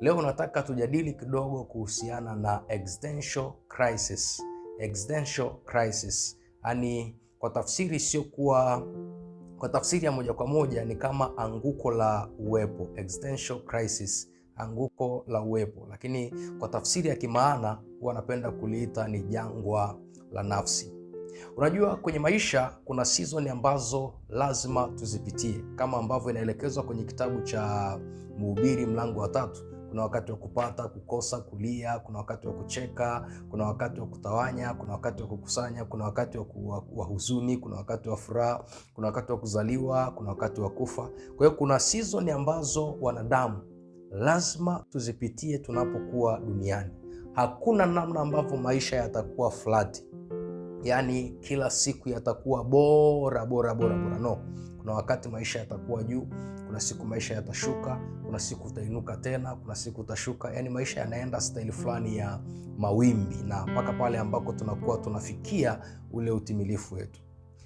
Leo nataka tujadili kidogo kuhusiana na existential crisis. Existential crisis yaani, kwa tafsiri isiyokuwa kwa tafsiri ya moja kwa moja ni kama anguko la uwepo, existential crisis, anguko la uwepo, lakini kwa tafsiri ya kimaana huwa napenda kuliita ni jangwa la nafsi. Unajua, kwenye maisha kuna season ambazo lazima tuzipitie, kama ambavyo inaelekezwa kwenye kitabu cha Mhubiri mlango wa tatu kuna wakati wa kupata, kukosa, kulia. Kuna wakati wa kucheka, kuna wakati wa kutawanya, kuna wakati wa kukusanya, kuna wakati wa huzuni, kuna wakati wa furaha, kuna wakati wa kuzaliwa, kuna wakati wa kufa. Kwa hiyo kuna season ambazo wanadamu lazima tuzipitie tunapokuwa duniani. Hakuna namna ambavyo maisha yatakuwa flati yani kila siku yatakuwa bora bora bora bora. No, kuna wakati maisha yatakuwa juu, kuna siku maisha yatashuka, kuna siku utainuka tena, kuna siku utashuka. Yani maisha yanaenda staili fulani ya mawimbi, na mpaka pale ambako tunakuwa tunafikia ule utimilifu wetu.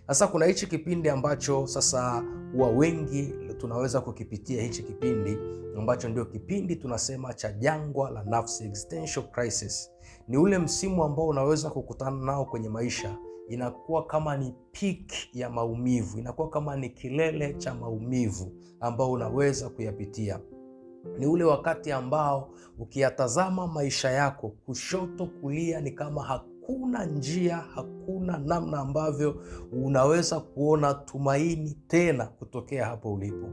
Sasa kuna hichi kipindi ambacho sasa huwa wengi tunaweza kukipitia hichi kipindi ambacho ndio kipindi tunasema cha jangwa la nafsi, existential crisis. Ni ule msimu ambao unaweza kukutana nao kwenye maisha, inakuwa kama ni peak ya maumivu, inakuwa kama ni kilele cha maumivu ambao unaweza kuyapitia. Ni ule wakati ambao ukiyatazama maisha yako kushoto kulia, ni kama hakuna njia, hakuna namna ambavyo unaweza kuona tumaini tena kutokea hapo ulipo.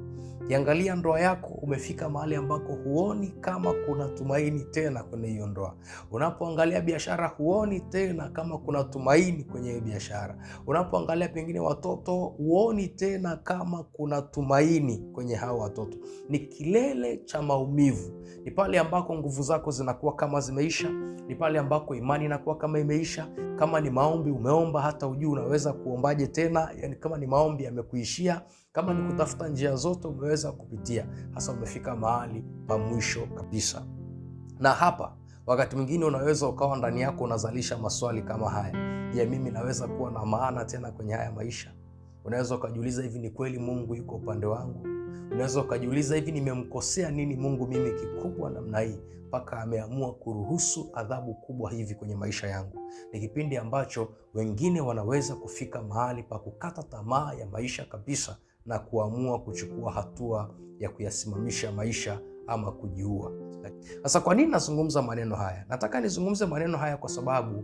Kiangalia ndoa yako, umefika mahali ambako huoni kama kuna tumaini tena kwenye hiyo ndoa. Unapoangalia biashara, huoni tena kama kuna tumaini kwenye hiyo biashara. Unapoangalia pengine watoto, huoni tena kama kuna tumaini kwenye hao watoto. Ni kilele cha maumivu, ni pale ambako nguvu zako zinakuwa kama zimeisha, ni pale ambako imani inakuwa kama imeisha yamekuisha. Kama ni maombi umeomba, hata ujui unaweza kuombaje tena, yani kama ni maombi yamekuishia, kama ni kutafuta njia zote umeweza kupitia, hasa umefika mahali pa mwisho kabisa. Na hapa wakati mwingine unaweza ukawa ndani yako unazalisha maswali kama haya: je, mimi naweza kuwa na maana tena kwenye haya maisha? Unaweza ukajiuliza, hivi ni kweli Mungu yuko upande wangu? Unaweza ukajiuliza hivi, nimemkosea nini Mungu mimi kikubwa namna hii mpaka ameamua kuruhusu adhabu kubwa hivi kwenye maisha yangu? Ni kipindi ambacho wengine wanaweza kufika mahali pa kukata tamaa ya maisha kabisa na kuamua kuchukua hatua ya kuyasimamisha maisha ama kujiua. Sasa kwa nini nazungumza maneno haya? Nataka nizungumze maneno haya kwa sababu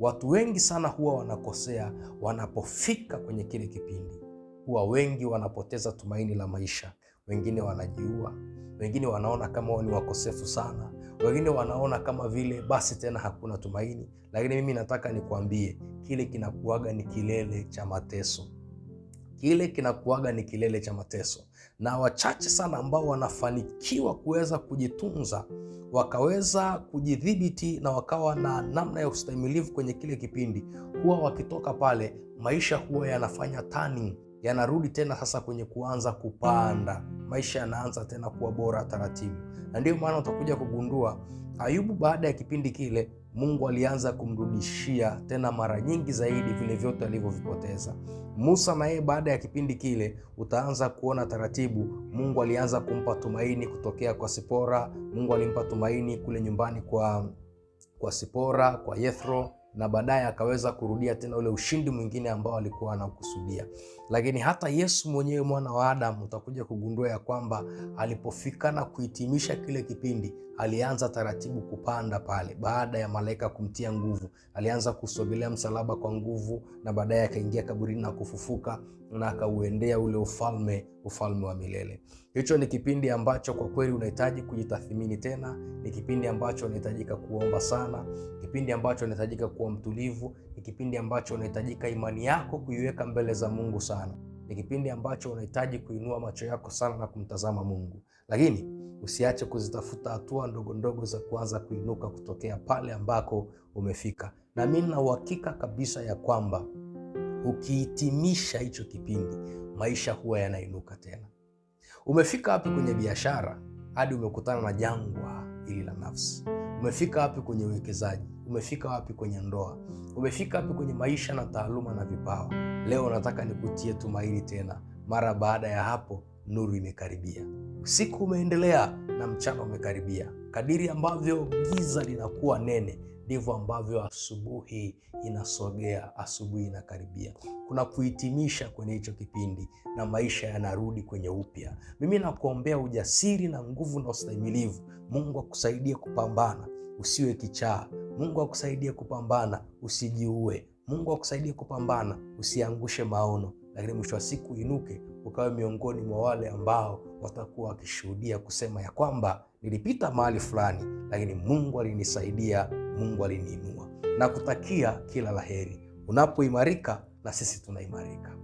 watu wengi sana huwa wanakosea wanapofika kwenye kile kipindi huwa wengi wanapoteza tumaini la maisha. Wengine wanajiua, wengine wanaona kama wao ni wakosefu sana, wengine wanaona kama vile basi tena hakuna tumaini. Lakini mimi nataka nikuambie kile kinakuaga ni kilele cha mateso kile kinakuaga ni kilele cha mateso, na wachache sana ambao wanafanikiwa kuweza kujitunza wakaweza kujidhibiti na wakawa na namna ya ustahimilivu kwenye kile kipindi, huwa wakitoka pale, maisha huwa yanafanya turning yanarudi tena sasa kwenye kuanza kupanda, maisha yanaanza tena kuwa bora taratibu. Na ndiyo maana utakuja kugundua Ayubu baada ya kipindi kile Mungu alianza kumrudishia tena mara nyingi zaidi vile vyote alivyovipoteza. Musa na yeye baada ya kipindi kile utaanza kuona taratibu Mungu alianza kumpa tumaini kutokea kwa Sipora. Mungu alimpa tumaini kule nyumbani kwa kwa Sipora, kwa Yethro na baadaye akaweza kurudia tena ule ushindi mwingine ambao alikuwa anakusudia. Lakini hata Yesu mwenyewe mwana wa Adamu, utakuja kugundua ya kwamba alipofika na kuhitimisha kile kipindi, alianza taratibu kupanda pale. Baada ya malaika kumtia nguvu, alianza kusogelea msalaba kwa nguvu, na baadaye akaingia kaburini na kufufuka na akauendea ule ufalme, ufalme wa milele. Hicho ni kipindi ambacho kwa kweli unahitaji kujitathmini tena, ni kipindi ambacho unahitajika kuomba sana, kipindi ambacho unahitajika kuwa mtulivu, ni kipindi ambacho unahitajika imani yako kuiweka mbele za Mungu sana, ni kipindi ambacho unahitaji kuinua macho yako sana na kumtazama Mungu, lakini usiache kuzitafuta hatua ndogo ndogo za kuanza kuinuka kutokea pale ambako umefika. Na mi nina uhakika kabisa ya kwamba ukihitimisha hicho kipindi, maisha huwa yanainuka tena. Umefika wapi kwenye biashara hadi umekutana na jangwa hili la nafsi? Umefika wapi kwenye uwekezaji? Umefika wapi kwenye ndoa? Umefika wapi kwenye maisha na taaluma na vipawa? Leo nataka nikutie tumaini tena, mara baada ya hapo nuru imekaribia. Usiku umeendelea na mchana umekaribia. Kadiri ambavyo giza linakuwa nene ndivyo ambavyo asubuhi inasogea, asubuhi inakaribia. Kuna kuhitimisha kwenye hicho kipindi na maisha yanarudi kwenye upya. Mimi nakuombea ujasiri na nguvu na ustahimilivu. Mungu akusaidie kupambana, usiwe kichaa. Mungu akusaidie kupambana, usijiue. Mungu akusaidie kupambana, usiangushe maono, lakini mwisho wa siku inuke ukawe miongoni mwa wale ambao watakuwa wakishuhudia kusema ya kwamba nilipita mahali fulani, lakini Mungu alinisaidia, Mungu aliniinua. Na kutakia kila laheri unapoimarika, na sisi tunaimarika.